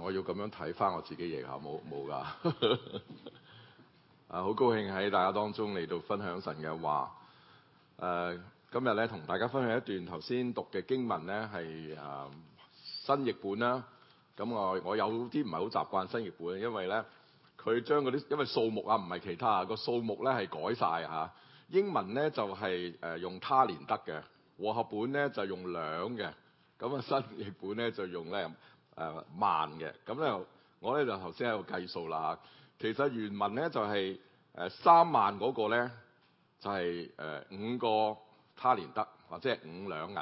我要咁樣睇翻我自己嘢嚇，冇冇㗎，啊好 高興喺大家當中嚟到分享神嘅話。誒、呃，今日咧同大家分享一段頭先讀嘅經文咧，係誒、呃、新譯本啦。咁我我有啲唔係好習慣新譯本，因為咧佢將嗰啲因為數目啊唔係其他啊個數目咧係改晒。嚇。英文咧就係、是、誒用他連得嘅和合本咧、就是、就用兩嘅，咁啊新譯本咧就用咧。誒萬嘅，咁咧、呃、我咧就頭先喺度計數啦嚇。其實原文咧就係、是、誒、呃、三萬嗰個咧，就係、是、誒、呃、五個他連德，或者係五兩銀。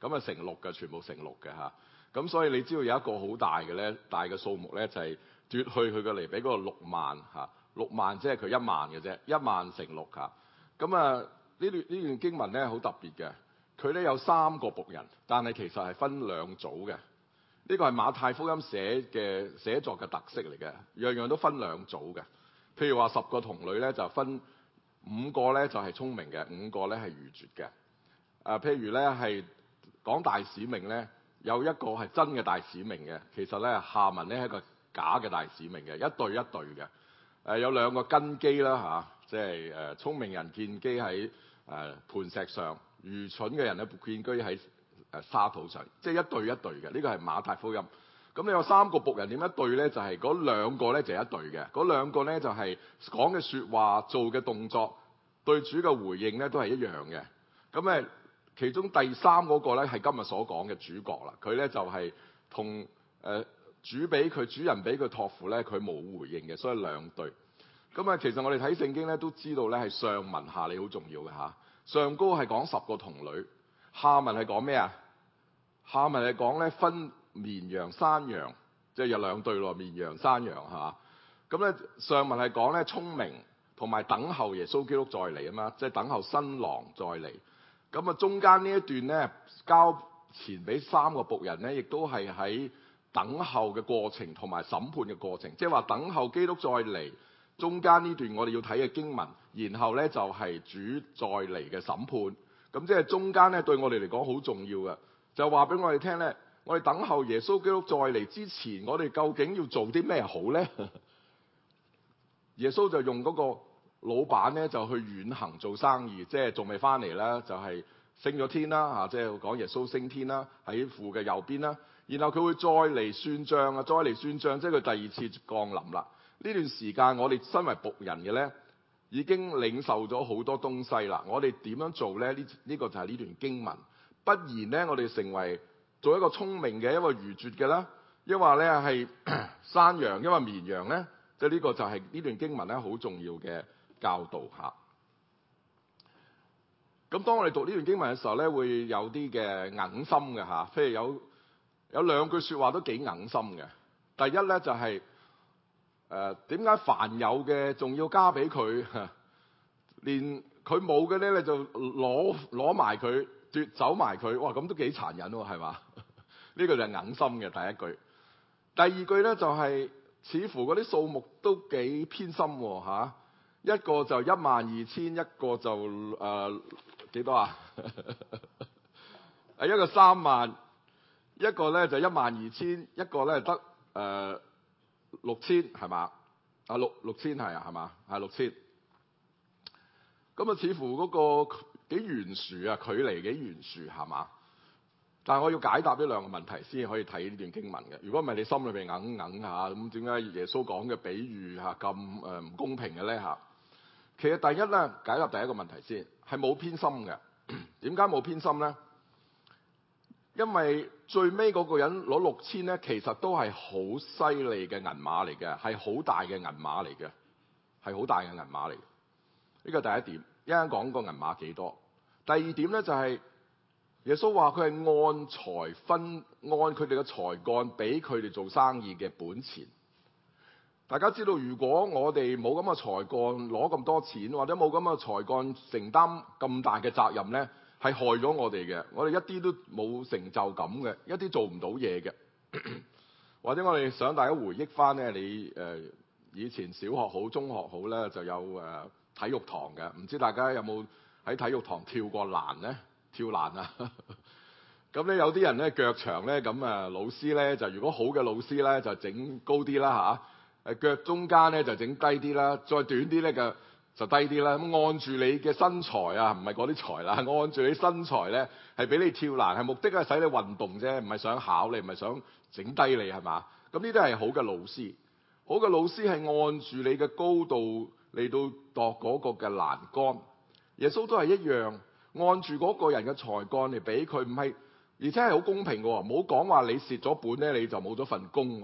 咁啊乘六嘅，全部乘六嘅嚇。咁、啊、所以你知道有一個好大嘅咧，大嘅數目咧就係、是、奪去佢嘅嚟俾嗰個六萬嚇、啊。六萬即係佢一萬嘅啫，一萬乘六嚇。咁啊呢段呢段經文咧好特別嘅，佢咧有三個僕人，但係其實係分兩組嘅。呢個係馬太福音寫嘅寫作嘅特色嚟嘅，樣樣都分兩組嘅。譬如話十個童女咧，就分五個咧就係、是、聰明嘅，五個咧係愚拙嘅。誒、啊，譬如咧係講大使命咧，有一個係真嘅大使命嘅，其實咧下文咧係一個假嘅大使命嘅，一對一對嘅。誒、啊，有兩個根基啦吓、啊，即係誒、呃、聰明人建基喺誒磐石上，愚蠢嘅人咧建居喺誒沙土上，即係一對一對嘅，呢個係馬太福音。咁你有三個僕人，點一對呢？就係嗰兩個呢就係一對嘅，嗰兩個呢就係講嘅説話、做嘅動作、對主嘅回應呢，都係一樣嘅。咁誒，其中第三嗰個呢係今日所講嘅主角啦。佢呢，就係同誒、呃、主俾佢主人俾佢托付呢，佢冇回應嘅，所以兩對。咁啊，其實我哋睇聖經呢，都知道呢，係上文下理好重要嘅嚇。上高係講十個童女。下文係講咩啊？下文係講咧分綿羊、山羊，即係有兩對咯，綿羊、山羊嚇。咁咧上文係講咧聰明同埋等候耶穌基督再嚟啊嘛，即係等候新郎再嚟。咁啊，中間呢一段咧交錢俾三個僕人咧，亦都係喺等候嘅過程同埋審判嘅過程，即係話等候基督再嚟。中間呢段我哋要睇嘅經文，然後咧就係主再嚟嘅審判。咁即係中間咧，對我哋嚟講好重要嘅，就話俾我哋聽咧，我哋等候耶穌基督再嚟之前，我哋究竟要做啲咩好咧？ 耶穌就用嗰個老闆咧，就去遠行做生意，即係仲未翻嚟啦，就係、是、升咗天啦嚇，即係講耶穌升天啦，喺父嘅右邊啦，然後佢會再嚟算帳啊，再嚟算帳，即係佢第二次降臨啦。呢段時間我哋身為僕人嘅咧。已經領受咗好多東西啦。我哋點樣做咧？呢呢個就係呢段經文。不然咧，我哋成為做一個聰明嘅，一個愚拙嘅啦，抑或咧係山羊，因為綿羊咧，即係呢個就係呢段經文咧，好重要嘅教導吓。咁當我哋讀呢段經文嘅時候咧，會有啲嘅硬心嘅吓，譬如有有兩句說話都幾硬心嘅。第一咧就係、是。誒點解凡有嘅仲要加俾佢？ 連佢冇嘅咧，你就攞攞埋佢，奪走埋佢。哇！咁都幾殘忍喎，啊，係嘛？呢個就係硬心嘅第一句。第二句咧就係，是，似乎嗰啲數目都幾偏心吓，啊，一個就一萬二千，一個就誒幾，呃，多啊？誒 一個三萬，一個咧就一萬二千，一個咧得誒。呃六千係嘛？啊六六千，係啊係嘛係六千，咁啊似乎嗰個幾懸殊啊，距離幾懸殊係嘛？但係我要解答呢兩個問題先可以睇呢段經文嘅。如果唔係，你心裏邊硬硬下，咁點解耶穌講嘅比喻吓咁誒唔公平嘅咧吓？其實第一咧，解答第一個問題先係冇偏心嘅。點解冇偏心咧？因為最尾嗰個人攞六千咧，其實都係好犀利嘅銀碼嚟嘅，係好大嘅銀碼嚟嘅，係好大嘅銀碼嚟。呢個第一點，一陣間講個銀碼幾多。第二點咧就係、是、耶穌話佢係按財分，按佢哋嘅才幹俾佢哋做生意嘅本錢。大家知道如果我哋冇咁嘅才幹攞咁多錢，或者冇咁嘅才幹承擔咁大嘅責任咧？係害咗我哋嘅，我哋一啲都冇成就感嘅，一啲做唔到嘢嘅。或者我哋想大家回憶返咧，你誒、呃、以前小學好、中學好咧，就有誒、呃、體育堂嘅。唔知大家有冇喺體育堂跳過欄呢？跳欄啊！咁 咧有啲人咧腳長咧，咁啊老師咧就如果好嘅老師咧就整高啲啦吓，誒、啊、腳中間咧就整低啲啦，再短啲咧就。就低啲啦，咁按住你嘅身材啊，唔係嗰啲材啦，按住你身材呢，係俾你，你跳欄，係目的係使你運動啫，唔係想考你，唔係想整低你係嘛？咁呢啲係好嘅老師，好嘅老師係按住你嘅高度嚟到度嗰個嘅欄杆。耶穌都係一樣，按住嗰個人嘅才幹嚟俾佢，唔係，而且係好公平嘅，冇好講話你蝕咗本呢，你就冇咗份工。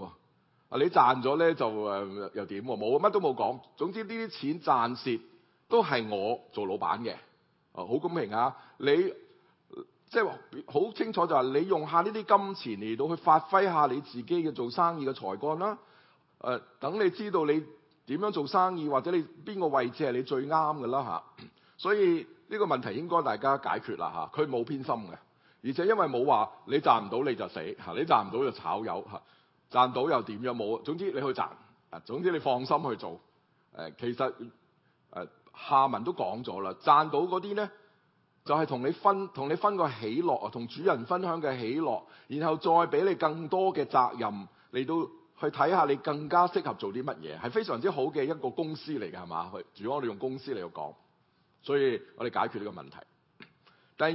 啊！你賺咗咧就誒又點？冇乜都冇講。總之呢啲錢賺蝕都係我做老闆嘅，哦，好公平啊！你即係話好清楚，就係你用下呢啲金錢嚟到去發揮下你自己嘅做生意嘅才幹啦。誒、呃、等你知道你點樣做生意，或者你邊個位置係你最啱嘅啦嚇。所以呢個問題應該大家解決啦嚇。佢冇偏心嘅，而且因為冇話你賺唔到你就死嚇，你賺唔到就炒魷嚇。賺到又點樣冇？總之你去賺，總之你放心去做。誒、呃，其實誒、呃、下文都講咗啦，賺到嗰啲咧就係、是、同你分，同你分個喜樂啊，同主人分享嘅喜樂，然後再俾你更多嘅責任嚟到去睇下你更加適合做啲乜嘢，係非常之好嘅一個公司嚟嘅係嘛？主要我哋用公司嚟講，所以我哋解決呢個問題。第二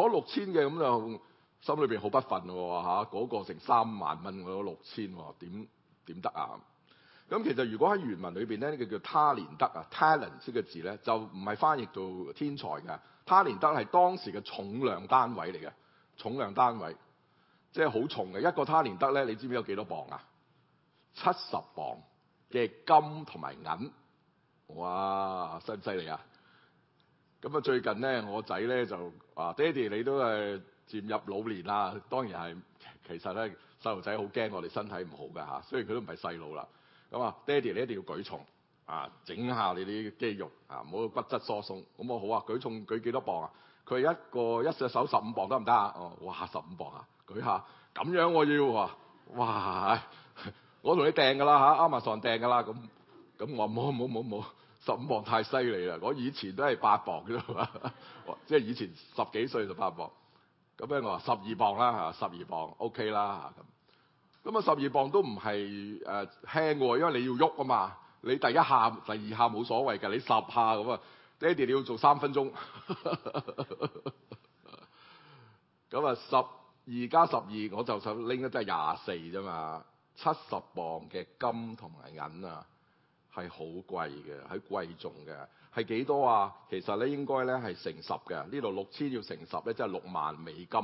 攞六千嘅咁就。心裏邊好不忿喎嚇，嗰、啊嗰個成三萬蚊，我、那個、六千喎，點點得啊？咁其實如果喺原文裏邊咧，呢、呢個叫他連得啊，talent，呢個字咧，就唔係翻譯到天才㗎。他連得係當時嘅重量單位嚟嘅，重量單位，即係好重嘅。一個他連得咧，你知唔知有幾多磅啊？七十磅嘅金同埋銀，哇，犀唔犀利啊？咁啊，最近咧，我仔咧就啊，爹哋你都係。漸入老年啦，當然係其實咧細路仔好驚我哋身體唔好㗎吓，雖然佢都唔係細路啦。咁啊、嗯，爹地你一定要舉重啊，整下你啲肌肉啊，唔好骨質疏鬆。咁我好啊，舉重舉幾多磅啊？佢一個一隻手十五磅得唔得啊？哦，哇十五磅啊，舉下咁樣我要話，哇！我同你掟㗎啦嚇，啱啊，上掟㗎啦。咁、嗯、咁、嗯嗯、我話冇冇冇冇，十五磅太犀利啦，我以前都係八磅啫嘛，即、嗯、係以前十幾歲就八磅。咁樣我話十二磅啦嚇，十二磅 OK 啦嚇咁。咁啊十二磅都唔係誒輕喎，因為你要喐啊嘛。你第一下、第二下冇所謂㗎，你十下咁啊。爹哋你要做三分鐘。咁啊十二加十二，我就想拎一隻廿四啫嘛。七十磅嘅金同埋銀啊，係好貴嘅，係貴重嘅。係幾多啊？其實咧應該咧係乘十嘅，呢度六千要乘十咧，即係六萬美金。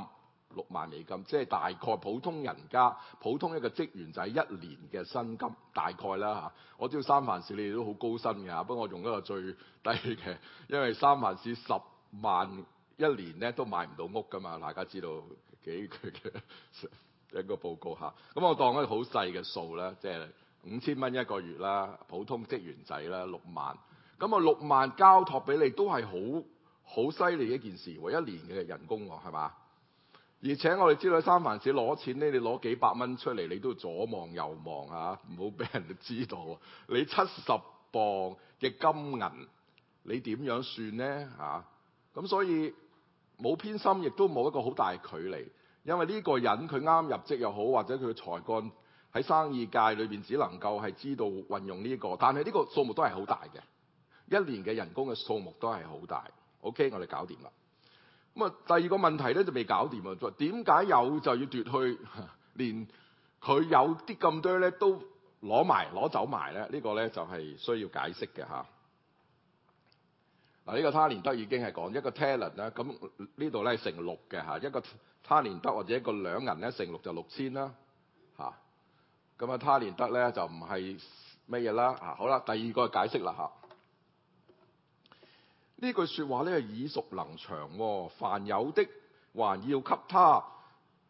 六萬美金即係大概普通人家、普通一個職員仔一年嘅薪金，大概啦嚇。我知道三藩市你哋都好高薪嘅，不過我用一個最低嘅，因為三藩市十萬一年咧都買唔到屋噶嘛，大家知道幾嘅一 個報告嚇。咁我當一個好細嘅數啦，即係五千蚊一個月啦，普通職員仔啦，六萬。咁啊，六萬交託俾你都係好好犀利一件事喎，一年嘅人工喎，係嘛？而且我哋知道喺三藩市攞錢呢，你攞幾百蚊出嚟，你都要左望右望嚇，唔好俾人哋知道。你七十磅嘅金銀，你點樣算呢？嚇、啊？咁所以冇偏心，亦都冇一個好大距離，因為呢個人佢啱入職又好，或者佢嘅才幹喺生意界裏邊只能夠係知道運用呢、呢個，但係呢個數目都係好大嘅。一年嘅人工嘅數目都係好大。OK，我哋搞掂啦。咁啊，第二個問題咧就未搞掂啊，點解有就要奪去？連佢有啲咁多咧都攞埋攞走埋咧？呢個咧就係需要解釋嘅嚇。嗱，呢個他連得已經係講一個 talent 啦。咁呢度咧成六嘅嚇，一個他連得或者一個兩銀咧成六就六千啦嚇。咁啊，他連得咧就唔係咩嘢啦嚇。好啦，第二個解釋啦嚇。呢句説話咧係耳熟能詳，凡有的還要給他，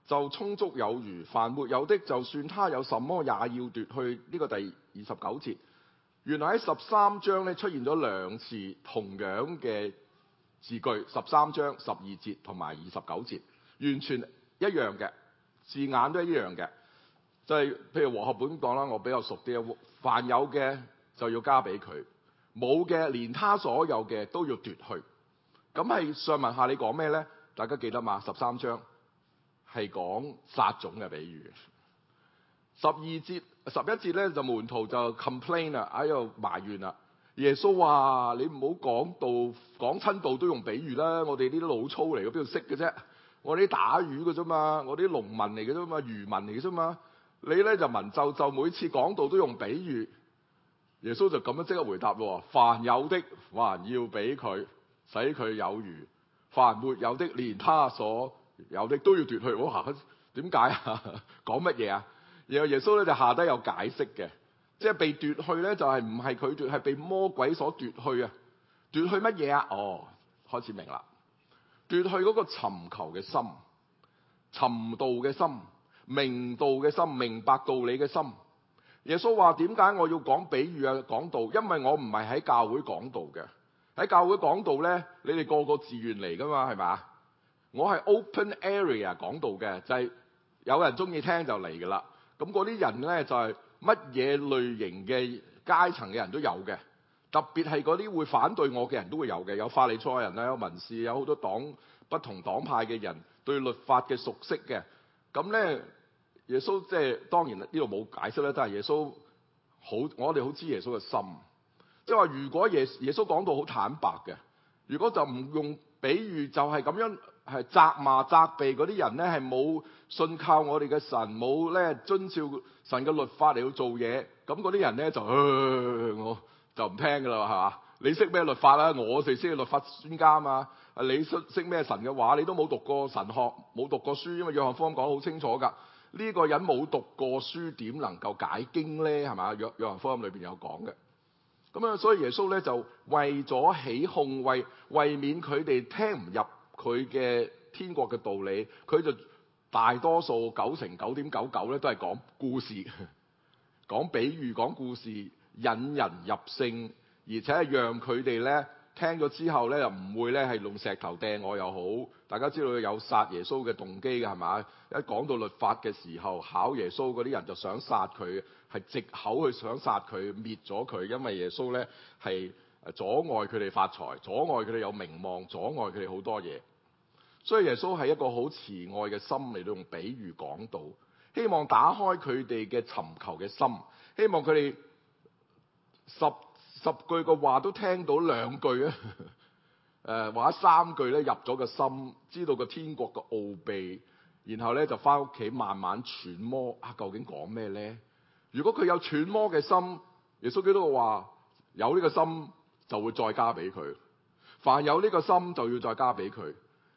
就充足有餘；凡沒有的，就算他有什麼，也要奪去。呢個第二十九節，原來喺十三章咧出現咗兩次同樣嘅字句，十三章十二節同埋二十九節，完全一樣嘅字眼都係一樣嘅，就係、是、譬如和合本講啦，我比較熟啲啊，凡有嘅就要加俾佢。冇嘅，連他所有嘅都要奪去。咁係上文下你講咩咧？大家記得嘛？十三章係講撒種嘅比喻。十二節、十一節咧就門徒就 complain 啦，喺度埋怨啦。耶穌話：你唔好講道，講親道都用比喻啦。我哋啲老粗嚟嘅，邊度識嘅啫？我哋啲打魚嘅啫嘛，我啲農民嚟嘅啫嘛，漁民嚟嘅啫嘛。你咧就文縐縐就每次講道都用比喻。耶穌就咁樣即刻回答咯，凡有的還要俾佢，使佢有餘；凡沒有的，連他所有的都要奪去。哇、哦，點解啊？講乜嘢啊？然後耶穌咧就下低有解釋嘅，即係被奪去咧就係唔係佢奪，係被魔鬼所奪去啊！奪去乜嘢啊？哦，開始明啦！奪去嗰個尋求嘅心，尋道嘅心，明道嘅心，明白道理嘅心。耶穌話：點解我要講比喻啊？講道，因為我唔係喺教會講道嘅。喺教會講道呢，你哋個個自願嚟噶嘛？係咪啊？我係 open area 講道嘅，就係有人中意聽就嚟噶啦。咁嗰啲人呢，就係乜嘢類型嘅階層嘅人都有嘅。特別係嗰啲會反對我嘅人都會有嘅，有法利賽人啦，有文士，有好多黨不同黨派嘅人對律法嘅熟悉嘅。咁呢。耶穌即、就、係、是、當然呢度冇解釋啦，但係耶穌好，我哋好知耶穌嘅心。即係話如果耶耶穌講到好坦白嘅，如果就唔用比喻就，就係咁樣係責罵責備嗰啲人咧，係冇信靠我哋嘅神，冇咧遵照神嘅律法嚟去做嘢，咁嗰啲人咧就、呃，我就唔聽噶啦，係嘛？你識咩律法啦，啊？我哋先係律法專家嘛。你識識咩神嘅話，你都冇讀過神學，冇讀過書，因為約翰福音講好清楚噶。呢個人冇讀過書，點能夠解經咧？係咪？《約約翰福音》裏邊有講嘅。咁啊，所以耶穌咧就為咗起控，為為免佢哋聽唔入佢嘅天國嘅道理，佢就大多數九成九點九九咧都係講故事，講比喻，講故事，引人入勝，而且係讓佢哋咧。聽咗之後咧，又唔會咧係用石頭掟我又好。大家知道有殺耶穌嘅動機嘅係咪？一講到律法嘅時候，考耶穌嗰啲人就想殺佢，係藉口去想殺佢，滅咗佢，因為耶穌咧係阻礙佢哋發財，阻礙佢哋有名望，阻礙佢哋好多嘢。所以耶穌係一個好慈愛嘅心嚟到用比喻講道，希望打開佢哋嘅尋求嘅心，希望佢哋十。十句嘅話都聽到兩句啊，誒，或者三句咧入咗個心，知道個天國嘅奧秘，然後咧就翻屋企慢慢揣摩啊，究竟講咩咧？如果佢有揣摩嘅心，耶穌基督話有呢個心就會再加俾佢，凡有呢個心就要再加俾佢。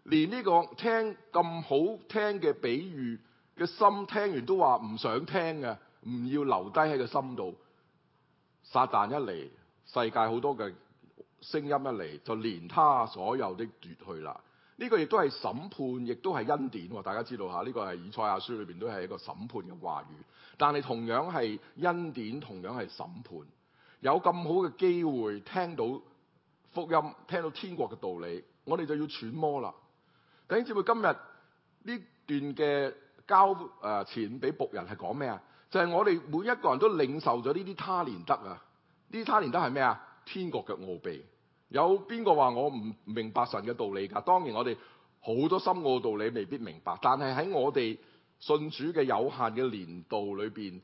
連呢個聽咁好聽嘅比喻嘅心聽完都話唔想聽嘅，唔要留低喺個心度，撒旦一嚟。世界好多嘅聲音一嚟，就連他所有的奪去啦。呢、這個亦都係審判，亦都係恩典。大家知道嚇，呢、這個係以賽亞書裏邊都係一個審判嘅話語。但係同樣係恩典，同樣係審判。有咁好嘅機會聽到福音，聽到天國嘅道理，我哋就要揣摩啦。咁接住今日呢段嘅交誒、呃、錢俾僕人係講咩啊？就係、是、我哋每一個人都領受咗呢啲他連得啊！呢他年都係咩啊？天國嘅奧秘，有邊個話我唔明白神嘅道理噶？當然我哋好多深奧道理未必明白，但係喺我哋信主嘅有限嘅年度裏邊，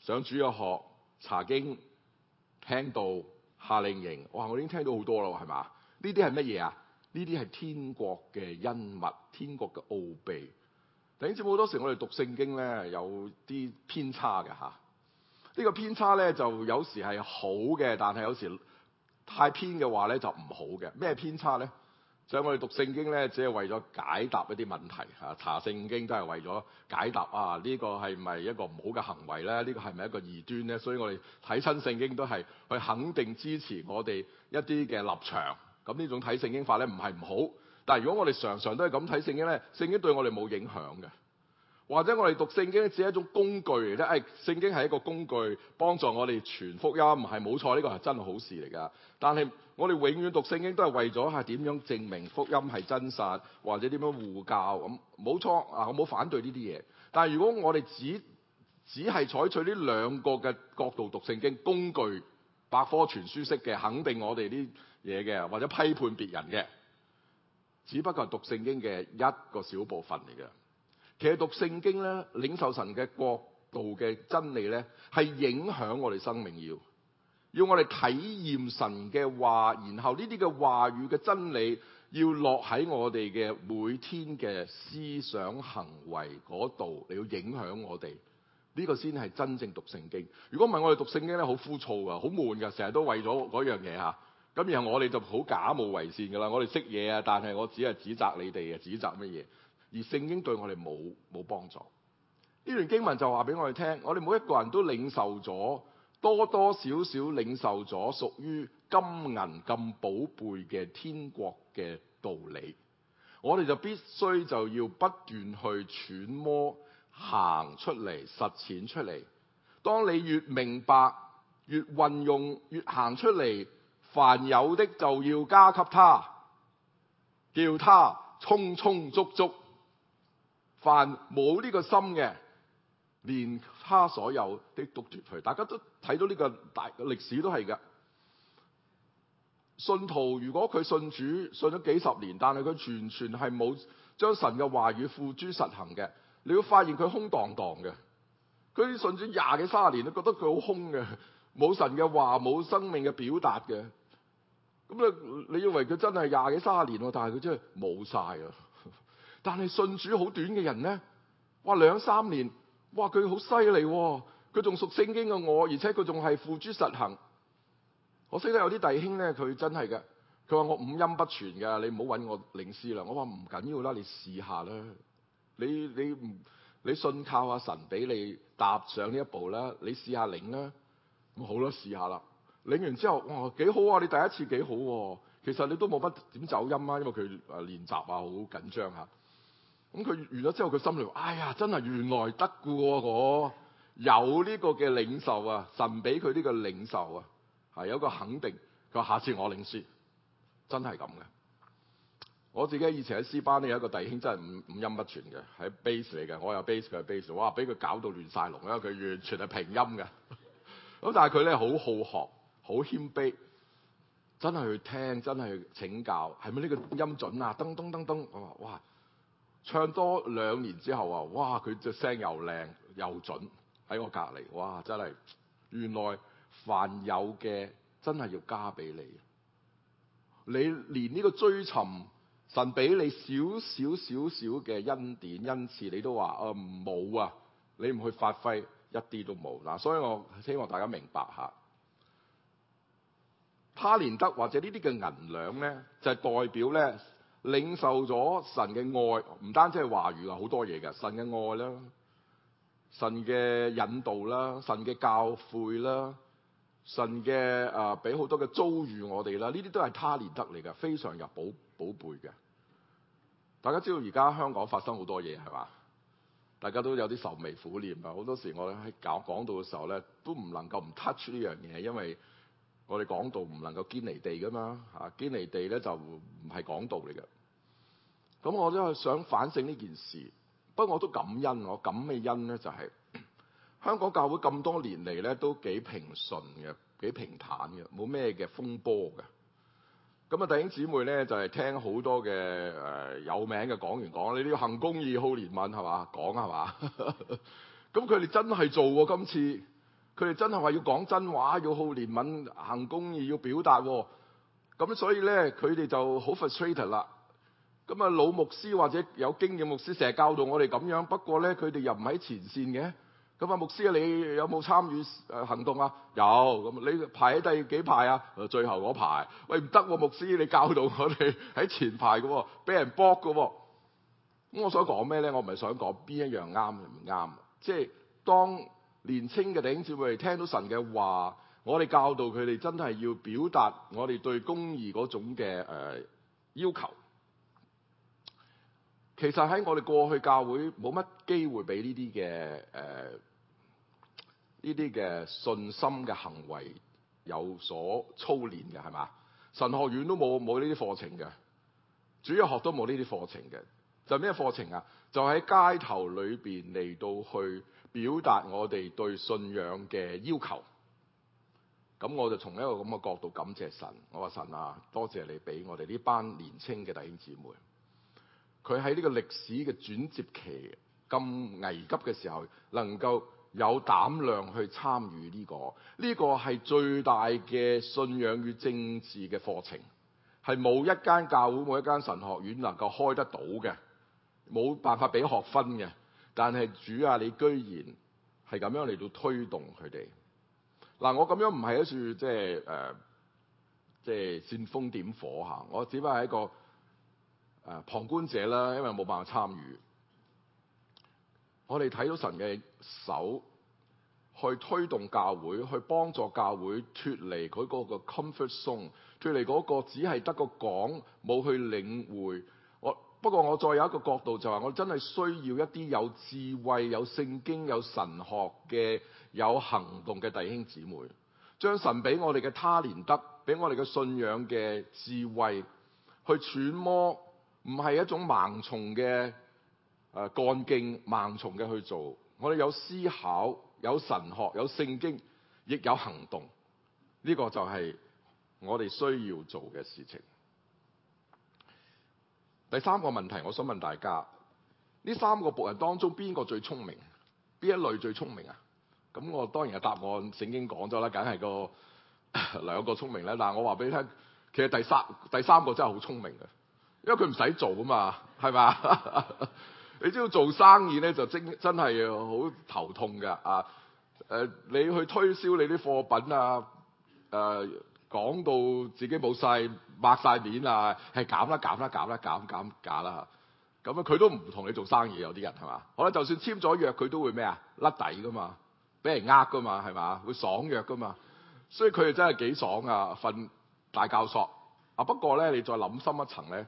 上主嘅學、查經、聽道、夏令營，哇！我已經聽到好多啦，係嘛？呢啲係乜嘢啊？呢啲係天國嘅恩物，天國嘅奧秘。總之好多時我哋讀聖經咧，有啲偏差嘅吓。呢個偏差咧，就有時係好嘅，但係有時太偏嘅話咧就唔好嘅。咩偏差呢？咧？就係我哋讀聖經呢，只係為咗解答一啲問題嚇，查聖經都係為咗解答啊。呢、這個係咪一個唔好嘅行為呢？呢、這個係咪一個異端呢？所以我哋睇親聖經都係去肯定支持我哋一啲嘅立場。咁呢種睇聖經法呢，唔係唔好。但係如果我哋常常都係咁睇聖經呢，聖經對我哋冇影響嘅。或者我哋讀聖經只係一種工具嚟，咧，哎，聖經係一個工具幫助我哋傳福音，係冇錯，呢個係真好事嚟噶。但係我哋永遠讀聖經都係為咗係點樣證明福音係真實，或者點樣護教咁，冇錯啊，我冇反對呢啲嘢。但係如果我哋只只係採取呢兩個嘅角度讀聖經，工具，百科全書式嘅，肯定我哋啲嘢嘅，或者批判別人嘅，只不過係讀聖經嘅一個小部分嚟嘅。其實讀聖經咧，領受神嘅國度嘅真理咧，係影響我哋生命要，要我哋體驗神嘅話，然後呢啲嘅話語嘅真理，要落喺我哋嘅每天嘅思想行為嗰度嚟，要影響我哋，呢、這個先係真正讀聖經。如果唔係我哋讀聖經咧，好枯燥噶，好悶噶，成日都為咗嗰樣嘢吓，咁然後我哋就好假冒為善噶啦，我哋識嘢啊，但係我只係指責你哋啊，指責乜嘢？而聖經對我哋冇冇幫助，呢段經文就話俾我哋聽，我哋每一個人都領受咗多多少少領受咗屬於金銀咁寶貝嘅天國嘅道理，我哋就必須就要不斷去揣摩，行出嚟實踐出嚟。當你越明白越運用越行出嚟，凡有的就要加給他，叫他充充足足。凡冇呢個心嘅，連他所有都奪奪去。大家都睇到呢個大歷史都係噶信徒如果佢信主信咗幾十年，但係佢完全係冇將神嘅話語付諸實行嘅，你要發現佢空蕩蕩嘅。佢信主廿幾卅年，都覺得佢好空嘅，冇神嘅話，冇生命嘅表達嘅。咁啊，你以為佢真係廿幾卅年，但係佢真係冇晒啊！但係信主好短嘅人呢，哇兩三年，哇佢好犀利，佢仲熟聖經嘅我，而且佢仲係付諸實行。我識得有啲弟兄呢，佢真係嘅，佢話我五音不全㗎，你唔好揾我領詩啦。我話唔緊要啦，你試下啦，你你，你，你信靠阿神俾你踏上呢一步啦，你試下領啦。咁好啦，試下啦。領完之後，哇幾好啊！你第一次幾好啊，其實你都冇乜點走音啊，因為佢誒練習啊好緊張吓啊。咁佢完咗之後，佢心裏哎呀，真係原來得嘅喎，啊，我有呢個嘅領受啊！神俾佢呢個領受啊，係有個肯定。佢話：下次我領詩，真係咁嘅。我自己以前喺詩班呢，有一個弟兄真係五五音不全嘅，係 bass 嚟嘅，我有 bass，佢係 bass，哇！俾佢搞到亂晒龍，因為佢完全係平音嘅。咁 但係佢咧好好學，好謙卑，真係去聽，真係去請教，係咪呢個音準啊？噔噔噔噔，我話：哇！唱多兩年之後啊，哇！佢隻聲又靚又準喺我隔籬，哇！真係原來凡有嘅真係要加俾你。你連呢個追尋神俾你少少少少嘅恩典恩賜，你都話啊冇啊，你唔去發揮一啲都冇嗱。所以我希望大家明白下，他連得或者呢啲嘅銀兩咧，就係代表咧。領受咗神嘅愛，唔單止係話語啊，好多嘢嘅。神嘅愛啦，神嘅引導啦，神嘅教誨啦，神嘅啊俾好多嘅遭遇我哋啦，呢啲都係他連得嚟嘅，非常有寶寶貝嘅。大家知道而家香港發生好多嘢係嘛？大家都有啲愁眉苦臉啊！好多時我哋喺講講道嘅時候咧，都唔能夠唔 touch 呢樣嘢，因為我哋講道唔能夠堅離地噶嘛嚇，堅離地咧就唔係講道嚟嘅。咁我都係想反省呢件事，不過我都感恩，我感恩嘅恩咧就係、是、香港教會咁多年嚟咧都幾平順嘅，幾平坦嘅，冇咩嘅風波嘅。咁啊，弟兄姊妹咧就係、是、聽好多嘅誒、呃、有名嘅講員講，你呢個行公義、好憐憫係嘛講係嘛？咁佢哋真係做喎，今次佢哋真係話要講真話，要好憐憫、行公義、要表達。咁所以咧，佢哋就好 frustrated 啦。咁啊，老牧師或者有經驗牧師成日教導我哋咁樣，不過咧佢哋又唔喺前線嘅。咁啊，牧師啊，你有冇參與誒行動啊？有咁，你排喺第幾排啊？最後排。喂，唔得，啊、牧師你教導我哋喺前排嘅喎，俾人搏嘅喎。咁我想講咩咧？我唔係想講邊一樣啱唔啱，即係當年青嘅弟兄姊妹聽到神嘅話，我哋教導佢哋真係要表達我哋對公義嗰種嘅誒、呃、要求。其實喺我哋過去教會冇乜機會俾呢啲嘅、誒呢啲嘅信心嘅行為有所操練嘅係嘛？神學院都冇冇呢啲課程嘅，主要學都冇呢啲課程嘅。就咩課程啊？就喺街頭裏邊嚟到去表達我哋對信仰嘅要求。咁我就從一個咁嘅角度感謝神。我話神啊，多謝你俾我哋呢班年青嘅弟兄姊妹，佢喺呢個歷史嘅轉折期咁危急嘅時候，能夠有膽量去參與呢個，呢、呢個係最大嘅信仰與政治嘅課程，係冇一間教會、冇一間神學院能夠開得到嘅，冇辦法俾學分嘅。但係主啊，你居然係咁樣嚟到推動佢哋。嗱，我咁樣唔係一處即係誒，即係煽風點火行，我只不過係一個，旁觀者啦，因為冇辦法參與。我哋睇到神嘅手去推動教會，去幫助教會脫離佢嗰個 comfort zone，脫離嗰個只係得個講，冇去領會。我不過我再有一個角度就係，我真係需要一啲有智慧、有聖經、有神學嘅有行動嘅弟兄姊妹，將神俾我哋嘅他連得，俾我哋嘅信仰嘅智慧去揣摩。唔係一種盲從嘅誒幹勁，盲從嘅去做。我哋有思考，有神學，有聖經，亦有行動。呢個就係我哋需要做嘅事情。第三個問題，我想問大家：呢三個僕人當中，邊個最聰明？邊一類最聰明啊？咁我當然係答案，聖經講咗啦，梗係嗰 兩個聰明啦。但我話俾你聽，其實第三第三個真係好聰明嘅。因為佢唔使做啊嘛，係嘛？ 你知道做生意咧就真真係好頭痛㗎啊！誒，你去推銷你啲貨品啊，誒，講到自己冇晒，抹晒面啊，係減啦減啦減啦減減價啦嚇！咁啊，佢都唔同你做生意，有啲人係嘛？好啦，就算簽咗約，佢都會咩啊？甩底㗎嘛，俾人呃㗎嘛，係嘛？會爽約㗎嘛？所以佢哋真係幾爽啊！瞓大教索啊！不過咧，你再諗深一層咧。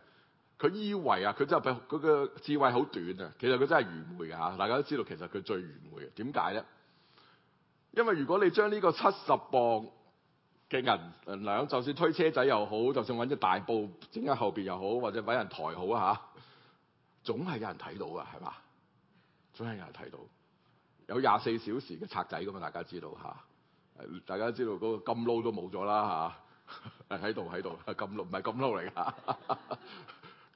佢以為啊，佢真係佢個智慧好短啊！其實佢真係愚昧嘅嚇，大家都知道其實佢最愚昧嘅。點解咧？因為如果你將呢個七十磅嘅銀銀兩，就算推車仔又好，就算揾隻大布整喺後邊又好，或者揾人抬好啊嚇，總係有人睇到嘅係嘛？總係有人睇到。有廿四小時嘅賊仔嘅嘛？大家知道嚇，大家知道嗰個金撈都冇咗啦嚇，喺度喺度，咁撈唔係咁撈嚟㗎。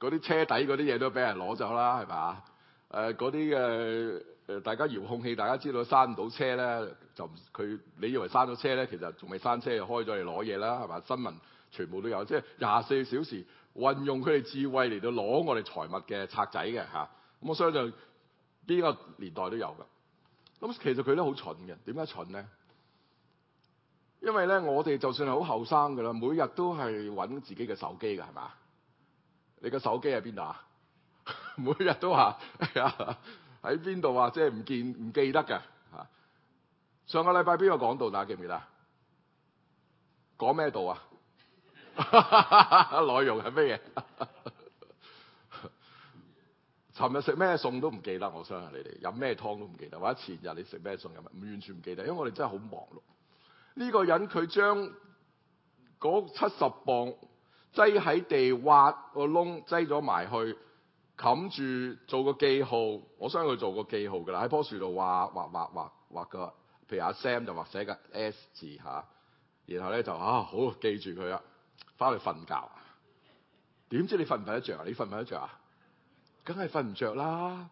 嗰啲車底嗰啲嘢都俾人攞走啦，係咪啊？誒、呃，嗰啲嘅誒，大家遙控器，大家知道閂唔到車咧，就佢，你以為閂咗車咧，其實仲未閂車，就開咗嚟攞嘢啦，係咪啊？新聞全部都有，即係廿四小時運用佢哋智慧嚟到攞我哋財物嘅賊仔嘅嚇。咁我相信邊個年代都有㗎。咁其實佢都好蠢嘅，點解蠢咧？因為咧，我哋就算係好後生㗎啦，每日都係揾自己嘅手機㗎，係咪啊？你個手機喺邊度啊？ 每日都話喺邊度啊，即係唔見唔記得嘅。 上個禮拜邊個講道啊？大家記唔記得？講咩道啊？內 容係咩嘢？尋日食咩餸都唔記得，我相信你哋飲咩湯都唔記得，或者前日你食咩餸飲乜，完全唔記得。因為我哋真係好忙碌。呢、這個人佢將嗰七十磅。擠喺地挖個窿，擠咗埋去，冚住，做個記號。我相信佢做個記號㗎啦，喺樖樹度畫畫畫畫畫個，譬如阿 Sam 就畫寫個 S 字吓，啊，然後咧就啊好記住佢啊，翻去瞓覺。點知你瞓唔瞓得着啊？你瞓唔瞓得着啊？梗係瞓唔着啦，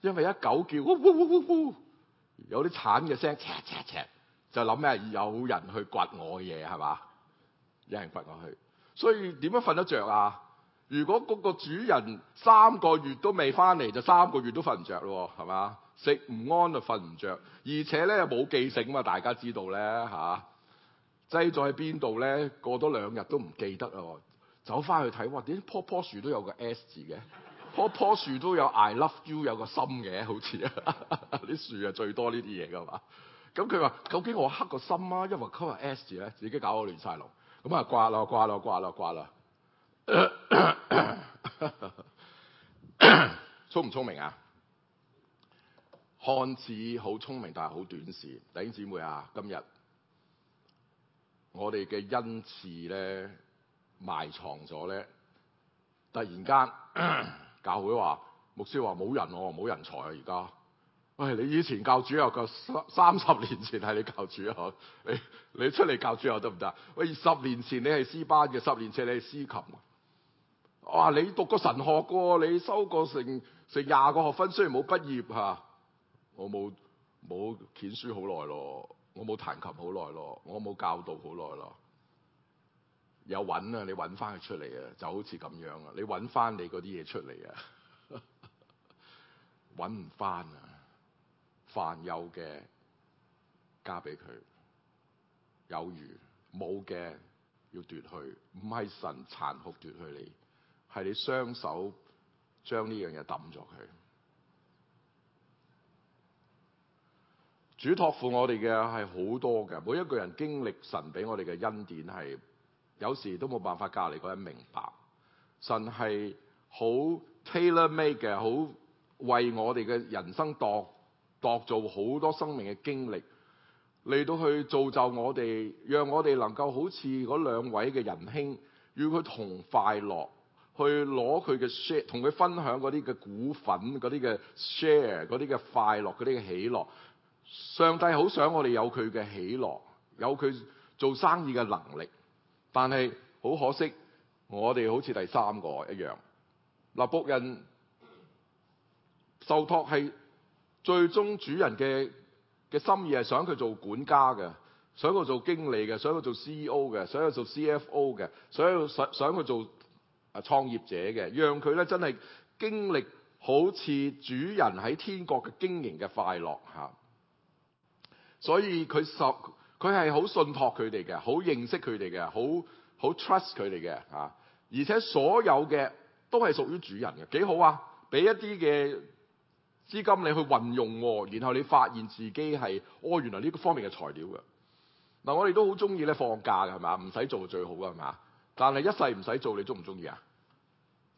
因為一狗叫，呃呃呃呃呃、有啲慘嘅聲，就諗咩有人去掘我嘢係嘛？有人掘我去。所以點樣瞓得着啊？如果嗰個主人三個月都未翻嚟，就三個月都瞓唔着咯，係嘛？食唔安就瞓唔着，而且咧冇記性啊嘛！大家知道咧吓，擠咗喺邊度咧？過多兩日都唔記得咯。走翻去睇，哇！點棵棵樹都有個 S 字嘅， 棵棵樹都有 I love you 有個心嘅，好似啊啲樹啊最多呢啲嘢噶嘛。咁佢話：究竟我黑個心啊？因為溝個 S 字咧，自己搞到亂晒龍。咁啊，掛咯，掛咯，掛咯，掛咯。 聰唔聰明啊？看似好聰明，但係好短視。弟兄姊妹啊，今日我哋嘅恩賜咧埋藏咗咧，突然間教會話，牧師話冇人喎、哦，冇人才啊，而家。喂，你以前教主日學三三十年前係你教主日學嗬？你你出嚟教主日學又得唔得喂，十年前你係詩班嘅，十年前你係司琴。哇、啊，你讀過神學噶，你修過成成廿個學分，雖然冇畢業吓。我冇冇掀書好耐咯，我冇彈琴好耐咯，我冇教導好耐咯。有揾啊，你揾翻佢出嚟啊，就好似咁樣啊，你揾翻你嗰啲嘢出嚟啊，揾唔翻啊。凡有嘅加俾佢，有餘冇嘅要奪去，唔係神殘酷奪去你，係你雙手將呢樣嘢抌咗佢。主托付我哋嘅係好多嘅，每一個人經歷神俾我哋嘅恩典，係有時都冇辦法隔籬嗰人明白。神係好 tailor-made 嘅，好為我哋嘅人生度。作做好多生命嘅經歷，嚟到去造就我哋，讓我哋能夠好似嗰兩位嘅仁兄，與佢同快樂，去攞佢嘅 share，同佢分享嗰啲嘅股份、嗰啲嘅 share、嗰啲嘅快樂、嗰啲嘅喜樂。上帝好想我哋有佢嘅喜樂，有佢做生意嘅能力，但係好可惜，我哋好似第三個一樣。嗱，僕人受託係。最終主人嘅嘅心意係想佢做管家嘅，想佢做經理嘅，想佢做 CEO 嘅，想佢做 CFO 嘅，想佢想想佢做啊創業者嘅，讓佢咧真係經歷好似主人喺天國嘅經營嘅快樂嚇。所以佢信佢係好信託佢哋嘅，好認識佢哋嘅，好好 trust 佢哋嘅嚇。而且所有嘅都係屬於主人嘅，幾好啊！俾一啲嘅。資金你去運用，哦，然後你發現自己係哦，原來呢個方面嘅材料嘅嗱、嗯。我哋都好中意咧放假嘅係咪？唔使做最好嘅係嘛。但係一世唔使做，你中唔中意啊？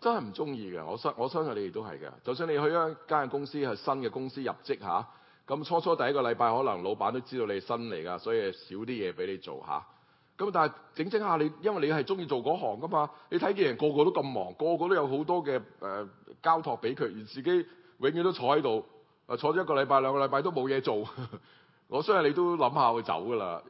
真係唔中意嘅。我相我相信你哋都係嘅。就算你去一間公司係新嘅公司入職吓，咁、啊嗯、初初第一個禮拜可能老闆都知道你係新嚟㗎，所以少啲嘢俾你做吓。咁、啊、但係整整下你，因為你係中意做嗰行㗎嘛，你睇見人個個都咁忙，個個都有好多嘅誒、呃、交託俾佢，而自己，永遠都坐喺度，坐咗一個禮拜兩個禮拜都冇嘢做。 我相信你都諗下會走㗎啦，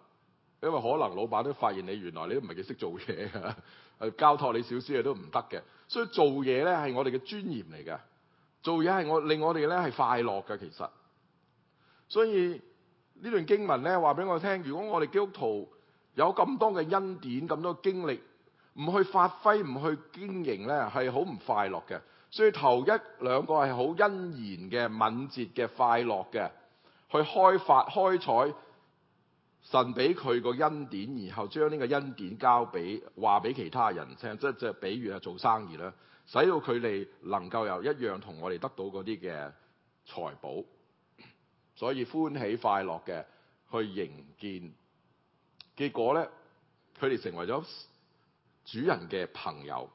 因為可能老闆都發現你原來你都唔係幾識做嘢嘅， 交託你少少嘢都唔得嘅。所以做嘢咧係我哋嘅尊嚴嚟嘅，做嘢係我令我哋咧係快樂嘅。其實，所以呢段經文咧話俾我聽，如果我哋基督徒有咁多嘅恩典、咁多經歷，唔去發揮、唔去經營咧，係好唔快樂嘅。所以頭一兩個係好欣然嘅、敏捷嘅、快樂嘅，去開發開採神俾佢個恩典，然後將呢個恩典交俾話俾其他人聽。即即係比如係做生意啦，使到佢哋能夠有一樣同我哋得到啲嘅財寶，所以歡喜快樂嘅去營建。結果咧，佢哋成為咗主人嘅朋友。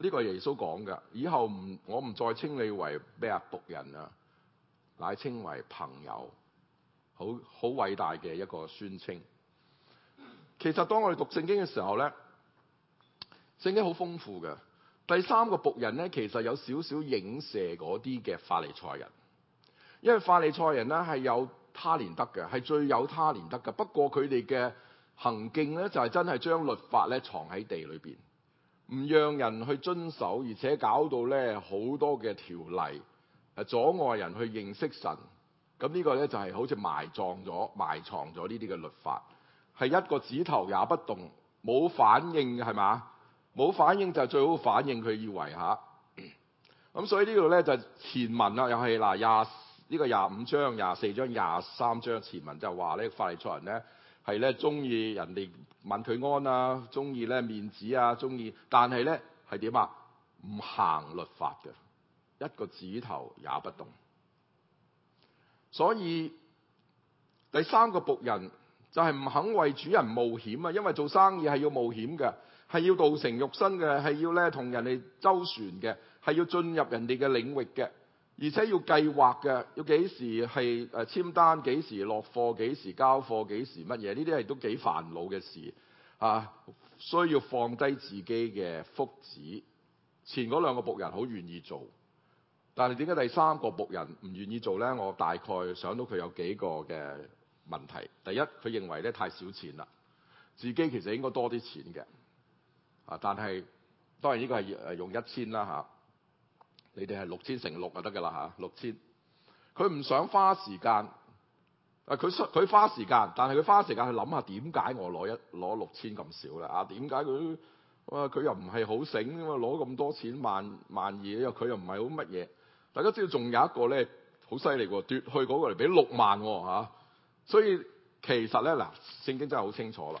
呢個係耶穌講嘅，以後唔我唔再稱你為咩啊僕人啊，乃稱為朋友，好好偉大嘅一個宣稱。其實當我哋讀聖經嘅時候咧，聖經好豐富嘅。第三個僕人咧，其實有少少影射嗰啲嘅法利賽人，因為法利賽人咧係有他連德嘅，係最有他連得嘅。不過佢哋嘅行徑咧就係真係將律法咧藏喺地裏邊。唔讓人去遵守，而且搞到咧好多嘅條例係阻礙人去認識神。咁呢個咧就係、是、好似埋葬咗、埋藏咗呢啲嘅律法，係一個指頭也不動，冇反應嘅係嘛？冇反應就最好反應，佢以為吓，咁所以呢度咧就是、前文啦，又係嗱廿呢個廿五章、廿四章、廿三章前文就話呢法利賽人咧係咧中意人哋，問佢安啊，中意咧面子啊，中意，但係咧係點啊？唔行律法嘅，一個指頭也不動。所以第三個僕人就係、是、唔肯為主人冒險啊，因為做生意係要冒險嘅，係要道成肉身嘅，係要咧同人哋周旋嘅，係要進入人哋嘅領域嘅。而且要計劃嘅，要幾時係誒簽單，幾時落貨，幾時交貨，幾時乜嘢？呢啲係都幾煩惱嘅事啊！需要放低自己嘅福祉。前嗰兩個僕人好願意做，但係點解第三個僕人唔願意做咧？我大概想到佢有幾個嘅問題。第一，佢認為咧太少錢啦，自己其實應該多啲錢嘅啊！但係當然呢個係誒用一千啦嚇。啊你哋係六千乘六就得噶啦吓，六、啊、千。佢唔想花時間，啊佢佢花時間，但係佢花時間去諗下點解我攞一攞六千咁少啦？啊點解佢哇佢又唔係好醒，咁啊攞咁多錢萬萬二，啊、又佢又唔係好乜嘢？大家知道仲有一個咧，好犀利喎，奪去嗰個嚟俾六萬吓、啊啊，所以其實咧嗱，聖、啊、經真係好清楚啦，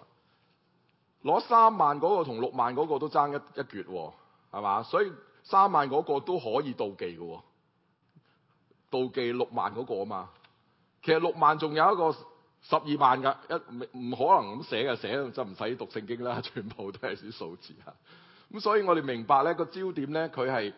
攞三萬嗰個同六萬嗰個都爭一一攰喎，係嘛、啊？所以。三萬嗰個都可以妒忌嘅、哦，妒忌六萬嗰個啊嘛。其實六萬仲有一個十二萬㗎，一唔可能咁寫嘅寫，就唔使讀聖經啦，全部都係啲數字啊。咁所以我哋明白咧、嗰個焦點咧，佢係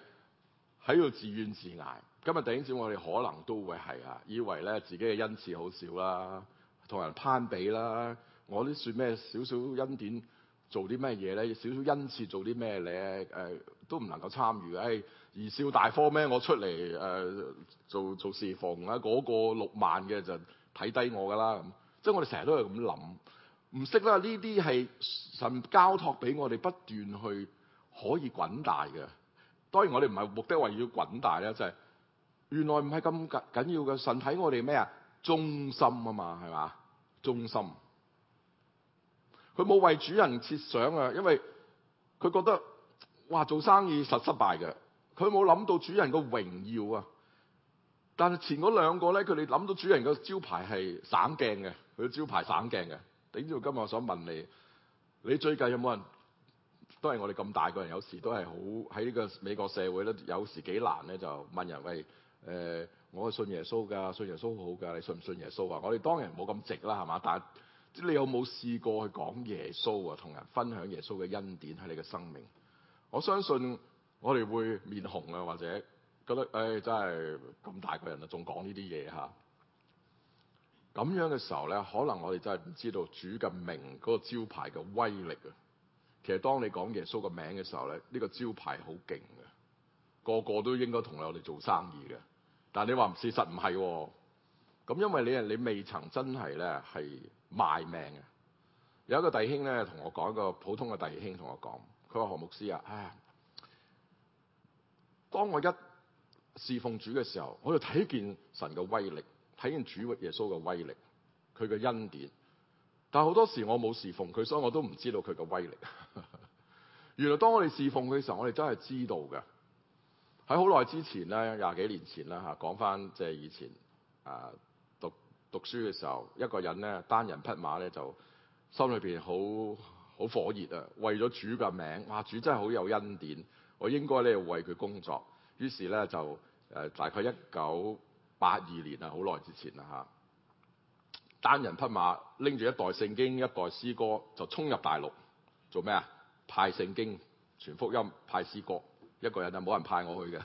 喺度自怨自艾。今日第二次我哋可能都會係啊，以為咧自己嘅恩賜好少啦，同人攀比啦，我啲算咩少少恩典。做啲咩嘢咧？少少恩賜做啲咩咧？誒、呃、都唔能夠參與嘅。二、哎、少大科咩？我出嚟誒、呃、做做事奉啊！嗰、那個六萬嘅就睇低我㗎啦咁。即係我哋成日都係咁諗，唔識啦。呢啲係神交託俾我哋不斷去可以滾大嘅。當然我哋唔係目的為要滾大啦，即、就、係、是、原來唔係咁緊緊要嘅。神睇我哋咩啊？忠心啊嘛，係嘛？忠心。佢冇為主人設想啊，因為佢覺得哇做生意實失敗嘅，佢冇諗到主人個榮耀啊。但係前嗰兩個咧，佢哋諗到主人個招牌係省鏡嘅，佢招牌省鏡嘅。頂住今日我想問你，你最近有冇人，都係我哋咁大個人，人有時都係好喺呢個美國社會咧，有時幾難咧就問人喂誒、呃，我係信耶穌㗎，信耶穌好㗎，你信唔信耶穌啊？我哋當然冇咁直啦，係嘛？但即你有冇試過去講耶穌啊，同人分享耶穌嘅恩典喺你嘅生命？我相信我哋會面紅啊，或者覺得誒，真係咁大個人啊，仲講呢啲嘢嚇？咁樣嘅時候咧，可能我哋真係唔知道主嘅名嗰個招牌嘅威力啊！其實當你講耶穌嘅名嘅時候咧，呢個招牌好勁嘅，個個都應該同我哋做生意嘅。但係你話唔事實唔係喎。咁因為你啊，你未曾真係咧係賣命嘅。有一個弟兄咧，同我講，一個普通嘅弟兄同我講，佢話何牧師啊，唉，當我一侍奉主嘅時候，我就睇見神嘅威力，睇見主耶穌嘅威力，佢嘅恩典。但係好多時我冇侍奉佢，所以我都唔知道佢嘅威力。 原來當我哋侍奉佢嘅時候，我哋真係知道㗎。喺好耐之前咧，廿幾年前啦吓，講返即係以前啊。讀書嘅時候，一個人咧單人匹馬咧就心裏邊好好火熱啊！為咗主嘅名，哇！主真係好有恩典，我應該咧為佢工作。於是咧就誒、呃、大概一九八二年啊，好耐之前啦嚇，單人匹馬拎住一袋聖經、一袋詩歌，就衝入大陸做咩啊？派聖經、傳福音、派詩歌，一個人就冇人派我去嘅。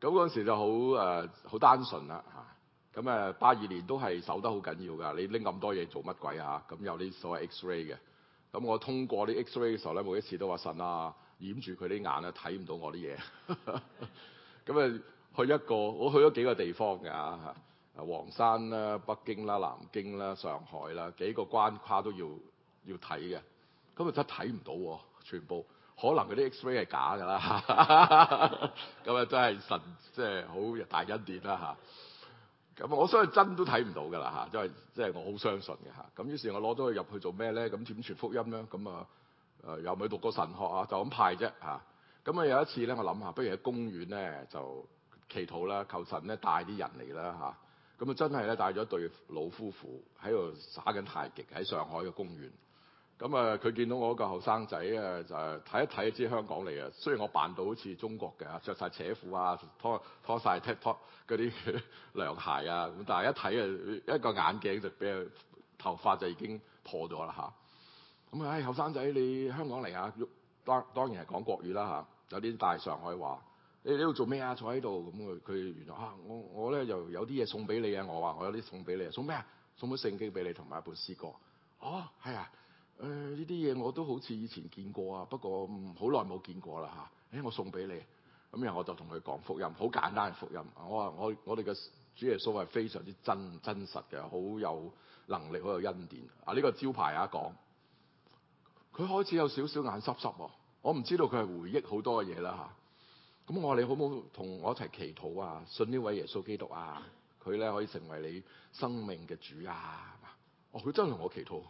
咁嗰陣時就好誒好單純啦、啊、嚇。咁誒八二年都係守得好緊要㗎，你拎咁多嘢做乜鬼啊？咁有啲所謂 X-ray 嘅，咁我通過啲 X-ray 嘅時候咧，每一次都話神啊，掩住佢啲眼啊，睇唔到我啲嘢。咁 誒去一個，我去咗幾個地方嘅啊，誒黃山啦、北京啦、南京啦、上海啦，幾個關卡都要要睇嘅。咁啊真係睇唔到，全部可能嗰啲 X-ray 係假㗎啦。咁啊真係神，即係好大恩典啦嚇。咁我相信真都睇唔到噶啦嚇，即係即係我好相信嘅嚇。咁於是，我攞咗佢入去做咩咧？咁點傳福音咧？咁啊誒又咪去讀過神學啊？就咁派啫嚇。咁啊有一次咧，我諗下，不如喺公園咧就祈禱啦，求神咧帶啲人嚟啦嚇。咁啊真係咧帶咗對老夫婦喺度耍緊太極喺上海嘅公園。咁啊，佢、嗯、見到我嗰個後生仔啊，就係、是、睇一睇知香港嚟啊。雖然我扮到好似中國嘅，着晒扯褲啊，拖拖曬踢拖嗰啲涼鞋啊，咁但係一睇啊，一個眼鏡就俾佢頭髮就已經破咗啦吓，咁啊，唉、嗯，後生仔，你香港嚟啊？當然當然係講國語啦吓、啊，有啲大上海話。你你喺度做咩啊？坐喺度咁啊？佢原來啊，我我咧又有啲嘢送俾你啊！我話我，我有啲送俾你，啊，送咩啊？送咗聖經俾你，同埋一本詩歌。哦，係啊。誒，呢啲嘢我都好似以前見過啊，不過好耐冇見過啦嚇。誒、啊欸，我送俾你，咁然後我就同佢講福音，好簡單嘅福音。我話我我哋嘅主耶穌係非常之真真實嘅，好有能力，好有恩典。啊，呢、這個招牌啊講，佢開始有少少眼濕濕。我唔知道佢係回憶好多嘢啦嚇。咁、啊、我話你好唔好同我一齊祈禱啊，信呢位耶穌基督啊，佢咧可以成為你生命嘅主啊，啊。哦，佢真係同我祈禱。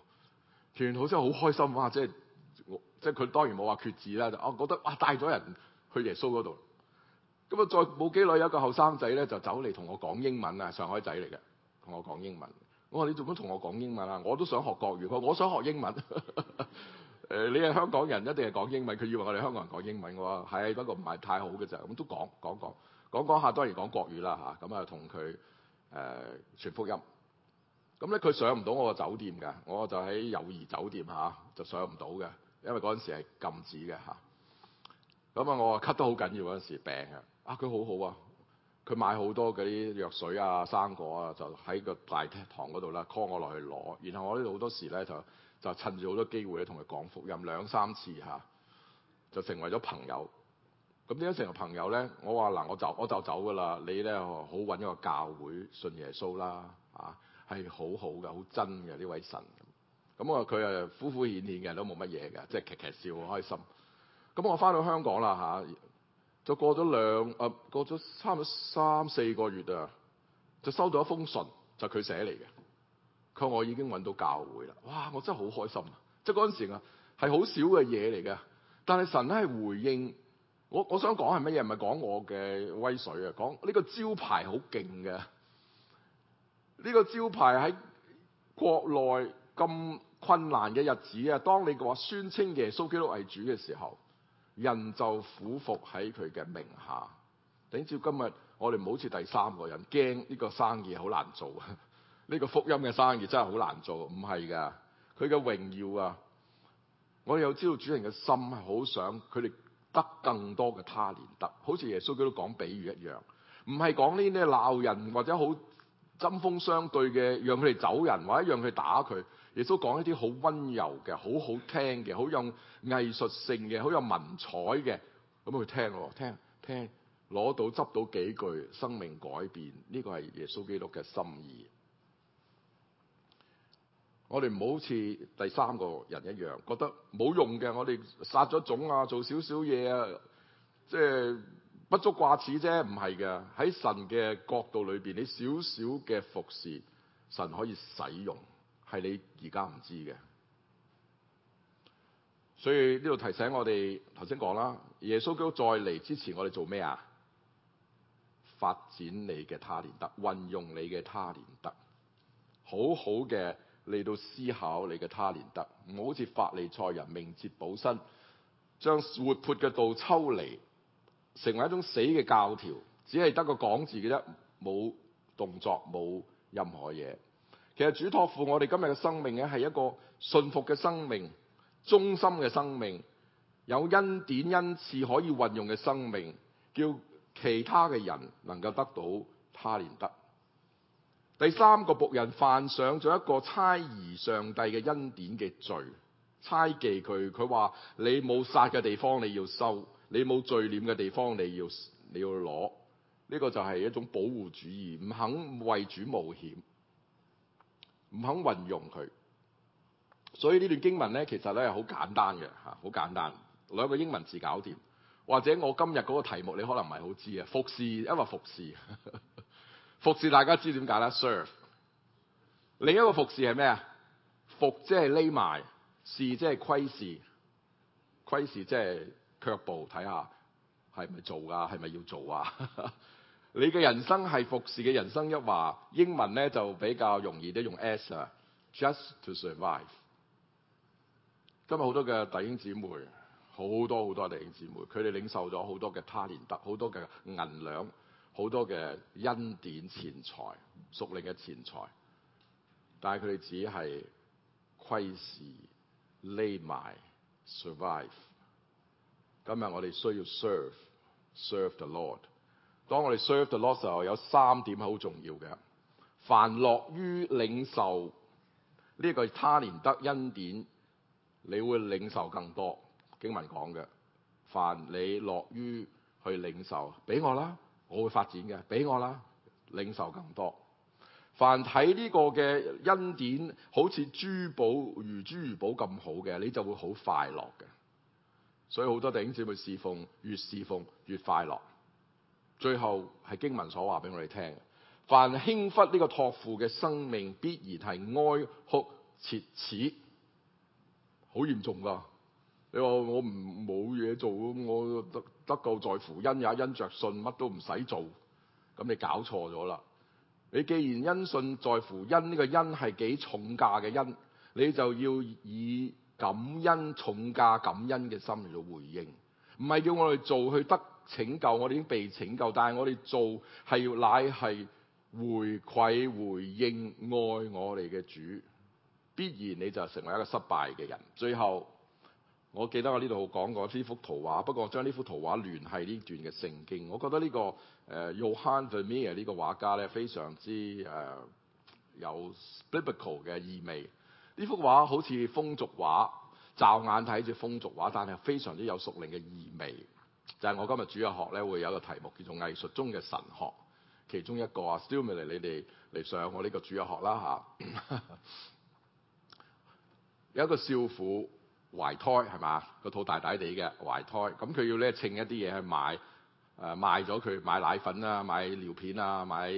佢好真係好開心啊，即係我即係佢當然冇話決志啦，就啊覺得哇帶咗人去耶穌嗰度。咁啊再冇幾耐有一個後生仔咧就走嚟同我講英文啊，上海仔嚟嘅同我講英文。我話你做乜同我講英文啊？我都想學國語，佢話我想學英文。誒、 呃、你係香港人一定係講英文，佢以為我哋香港人講英文喎。係，不過唔係太好嘅咋，咁都講講講講講下當然講國語啦嚇。咁啊同佢誒傳福音。咁咧，佢上唔到我個酒店嘅，我就喺友誼酒店嚇、啊，就上唔到嘅，因為嗰陣時係禁止嘅嚇。咁啊，我啊咳得好緊要，嗰陣時病嘅，啊佢好好啊，佢買好多嗰啲藥水啊、生果啊，就喺個大廳堂嗰度啦。call 我落去攞。然後我呢度好多時咧就就趁住好多機會咧同佢講福音兩三次嚇、啊，就成為咗朋友。咁點解成為朋友咧？我話嗱，我就我就走㗎啦，你咧好揾一個教會信耶穌啦，啊。係好好噶，好真嘅呢位神咁、嗯嗯。啊，佢啊，苦苦顯顯嘅都冇乜嘢嘅，即係劇劇笑好開心。咁我翻到香港啦，吓就過咗兩啊，過咗差唔多三四個月啊，就收到一封信，就佢、是、寫嚟嘅。佢話我已經揾到教會啦，哇！我真係好開心。即係嗰陣時啊，係好少嘅嘢嚟嘅，但係神咧係回應我。我想講係乜嘢？唔係講我嘅威水啊，講呢個招牌好勁嘅。呢個招牌喺國內咁困難嘅日子啊，當你話宣稱耶穌基督為主嘅時候，人就俯伏喺佢嘅名下。等住今日，我哋唔好似第三個人，驚呢個生意好難做啊！呢、個福音嘅生意真係好難做，唔係㗎。佢嘅榮耀啊，我哋有知道主人嘅心係好想佢哋得更多嘅他年得，好似耶穌基督講比喻一樣，唔係講呢啲鬧人或者好。針鋒相對嘅，讓佢哋走人，或者讓佢打佢，耶穌講一啲好溫柔嘅、好好聽嘅、好有藝術性嘅、好有文采嘅，咁去聽咯，聽聽攞到執到幾句，生命改變，呢個係耶穌基督嘅心意。我哋唔好似第三個人一樣，覺得冇用嘅，我哋殺咗種啊，做少少嘢啊，即係。不足掛齒啫，唔係嘅。喺神嘅角度裏邊，你少少嘅服侍，神可以使用，係你而家唔知嘅。所以呢度提醒我哋，頭先講啦，耶穌基督再嚟之前，我哋做咩啊？發展你嘅他連德，運用你嘅他連德，好好嘅嚟到思考你嘅他連德，唔好好似法利賽人明哲保身，將活潑嘅道抽離。成為一種死嘅教條，只係得個講字嘅啫，冇動作，冇任何嘢。其實主托付我哋今日嘅生命嘅係一個信服嘅生命，忠心嘅生命，有恩典恩賜可以運用嘅生命，叫其他嘅人能夠得到他連得。第三個僕人犯上咗一個猜疑上帝嘅恩典嘅罪，猜忌佢，佢話你冇撒嘅地方你要收。你冇罪念嘅地方，你要你要攞呢，這個就係一種保護主義，唔肯為主冒險，唔肯運用佢。所以呢段經文咧，其實咧係好簡單嘅吓，好簡單兩個英文字搞掂。或者我今日嗰個題目，你可能唔係好知啊。服侍，因為服侍 服侍，大家知點解啦 serve 另一個服侍係咩啊？伏即係匿埋，伺即係窺視，窺視即係。腳步睇下係咪做啊，係咪要做啊？ 你嘅人生係服侍嘅人生一話，英文咧就比較容易啲，用 s 啊，just to survive。今日好多嘅弟兄姊妹，好多好多弟兄姊妹，佢哋領受咗好多嘅他連得，好多嘅銀兩，好多嘅恩典錢財，屬靈嘅錢財，但係佢哋只係虧時匿埋 survive。今日我哋需要 serve，serve the Lord。當我哋 serve the Lord, serve the Lord 嘅時候，有三點好重要嘅。凡樂於領受呢、這個他連得恩典，你會領受更多。經文講嘅，凡你樂於去領受，俾我啦，我會發展嘅，俾我啦，領受更多。凡睇呢個嘅恩典好似珠寶如珠如寶咁好嘅，你就會好快樂嘅。所以好多弟兄姊妹侍奉，越侍奉越快樂。最後係經文所話俾我哋聽：凡輕忽呢個託付嘅生命，必然係哀哭切齒，好嚴重噶。你話我唔冇嘢做，我得得救在乎恩也，因着信，乜都唔使做。咁你搞錯咗啦！你既然恩信在乎恩呢、呢個恩係幾重價嘅恩，你就要以。感恩重價感恩嘅心嚟做回應，唔係叫我哋做去得拯救，我哋已經被拯救，但係我哋做係要乃係回饋回應愛我哋嘅主，必然你就成為一個失敗嘅人。最後我記得我呢度講過呢幅圖畫，不過，我將呢幅圖畫聯繫呢段嘅聖經，我覺得、這個呃 e er、個呢個誒 Yohan Vermeer 呢個畫家咧非常之誒、呃、有 biblical 嘅意味。呢幅畫好似風俗畫，驟眼睇住風俗畫，但係非常之有屬靈嘅意味。就係、是、我今日主日學咧，會有一個題目叫做藝術中嘅神學，其中一個啊 s t i 嚟，你哋嚟上我呢個主日學啦嚇。 有一個少婦懷胎係嘛，個肚大大地嘅懷胎，咁佢要咧稱一啲嘢去買、呃、賣，誒賣咗佢買奶粉啊，買尿片啊，買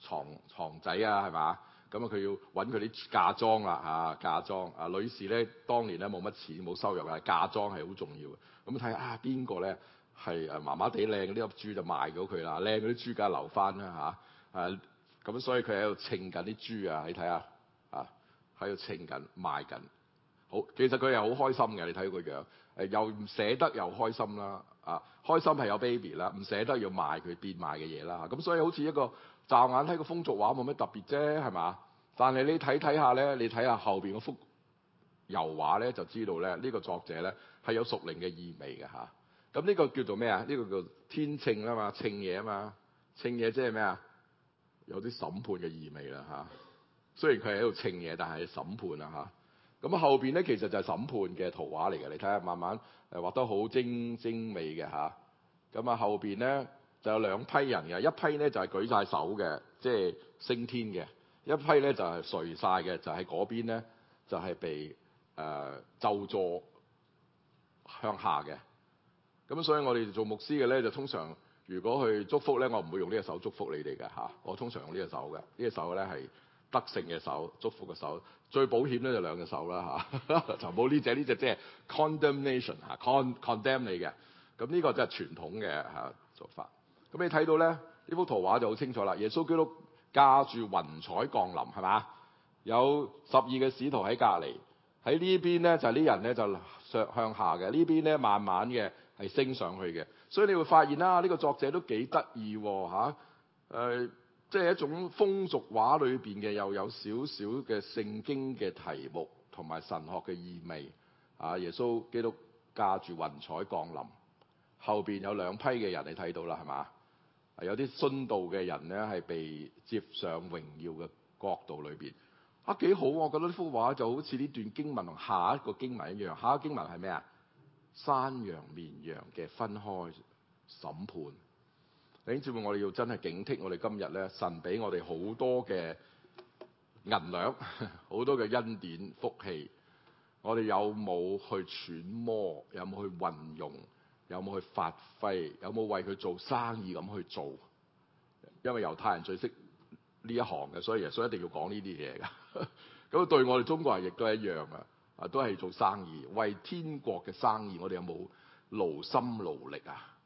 床牀仔啊，係嘛？咁啊，佢要揾佢啲嫁妝啦嚇、啊，嫁妝啊，女士咧，當年咧冇乜錢，冇收入嘅，嫁妝係好重要嘅。咁睇下啊，邊個咧係啊麻麻地靚呢粒豬就賣咗佢啦，靚嗰啲豬梗係留翻啦嚇。啊，咁、啊啊、所以佢喺度稱緊啲豬啊，你睇下啊，喺度稱緊賣緊。好，其實佢係好開心嘅，你睇佢個樣、呃，又唔捨得又開心啦。啊，開心係有 baby 啦，唔捨得要賣佢變賣嘅嘢啦。咁、啊、所以好似一個。乍眼睇個風俗畫冇咩特別啫，係嘛？但係你睇睇下咧，你睇下後邊嗰幅油畫咧，就知道咧呢個作者咧係有屬靈嘅意味嘅嚇。咁呢個叫做咩啊？呢個叫天秤啊嘛，稱嘢啊嘛，稱嘢即係咩啊？有啲審判嘅意味啦嚇。雖然佢係喺度稱嘢，但係審判啊嚇。咁後邊咧其實就係審判嘅圖畫嚟嘅，你睇下慢慢誒畫得好精精美嘅嚇。咁啊後邊咧。就有兩批人嘅，一批咧就係舉晒手嘅，即係升天嘅；一批咧就係垂晒嘅，就喺嗰邊咧就係被誒、呃、就坐向下嘅。咁所以我哋做牧師嘅咧，就通常如果去祝福咧，我唔會用呢隻手祝福你哋嘅嚇，我通常用呢隻手嘅，呢隻手咧係得勝嘅手，祝福嘅手。最保險咧就兩隻手啦嚇， 就冇呢隻呢隻即係 condemnation 嚇，cond condemn 你嘅。咁呢個就係傳統嘅嚇做法。咁你睇到咧呢幅圖畫就好清楚啦！耶穌基督架住雲彩降臨，係嘛？有十二個使徒喺隔籬，喺呢邊咧就啲、是、人咧就向向下嘅，邊呢邊咧慢慢嘅係升上去嘅。所以你會發現啦，呢、啊這個作者都幾得意吓，誒、啊，即、呃、係、就是、一種風俗畫裏邊嘅，又有少少嘅聖經嘅題目同埋神學嘅意味。啊，耶穌基督架住雲彩降臨，後邊有兩批嘅人你睇到啦，係嘛？有啲殉道嘅人咧，係被接上榮耀嘅國度裏邊啊幾好啊！我覺得呢幅畫就好似呢段經文同下一個經文一樣，下一個經文係咩啊？山羊綿羊嘅分開審判。你知會我哋要真係警惕，我哋今日咧，神俾我哋好多嘅銀兩，好多嘅恩典福氣，我哋有冇去揣摩？有冇去運用？有冇去發揮？有冇為佢做生意咁去做？因為猶太人最識呢一行嘅，所以耶穌一定要講呢啲嘢噶。咁 對我哋中國人亦都一樣啊！啊，都係做生意，為天國嘅生意，我哋有冇勞心勞力啊？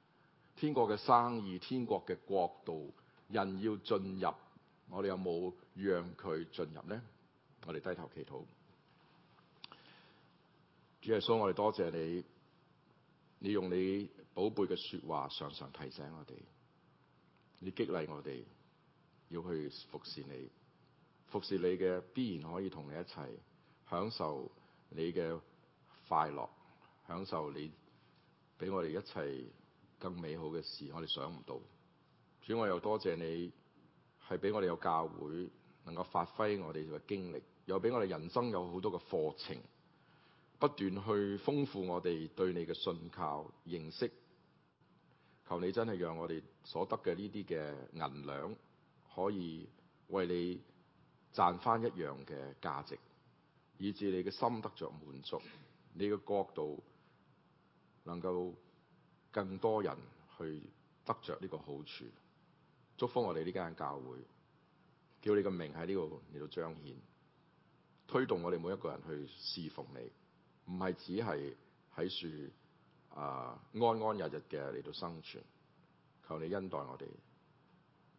天國嘅生意，天國嘅國度，人要進入，我哋有冇讓佢進入咧？我哋低頭祈禱。主耶穌，我哋多謝你。你用你寶貝嘅說話，常常提醒我哋，你激勵我哋要去服侍你，服侍你嘅，必然可以同你一齊享受你嘅快樂，享受你俾我哋一齊更美好嘅事，我哋想唔到。主，我又多謝你係俾我哋有教會，能夠發揮我哋嘅經歷，又俾我哋人生有好多嘅課程。不斷去豐富我哋對你嘅信靠認識，求你真係讓我哋所得嘅呢啲嘅銀兩，可以為你賺翻一樣嘅價值，以至你嘅心得着滿足，你嘅角度能夠更多人去得着呢個好處。祝福我哋呢間教會，叫你嘅名喺呢度嚟到彰顯，推動我哋每一個人去侍奉你。唔係只係喺樹啊安安逸逸嘅嚟到生存，求你恩待我哋。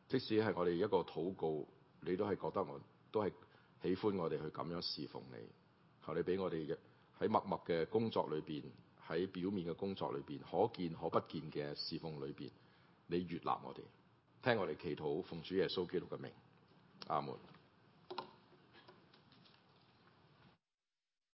即使係我哋一個禱告，你都係覺得我都係喜歡我哋去咁樣侍奉你。求你俾我哋嘅，喺默默嘅工作裏邊，喺表面嘅工作裏邊，可見可不見嘅侍奉裏邊，你悅納我哋，聽我哋祈禱，奉主耶穌基督嘅名，阿門。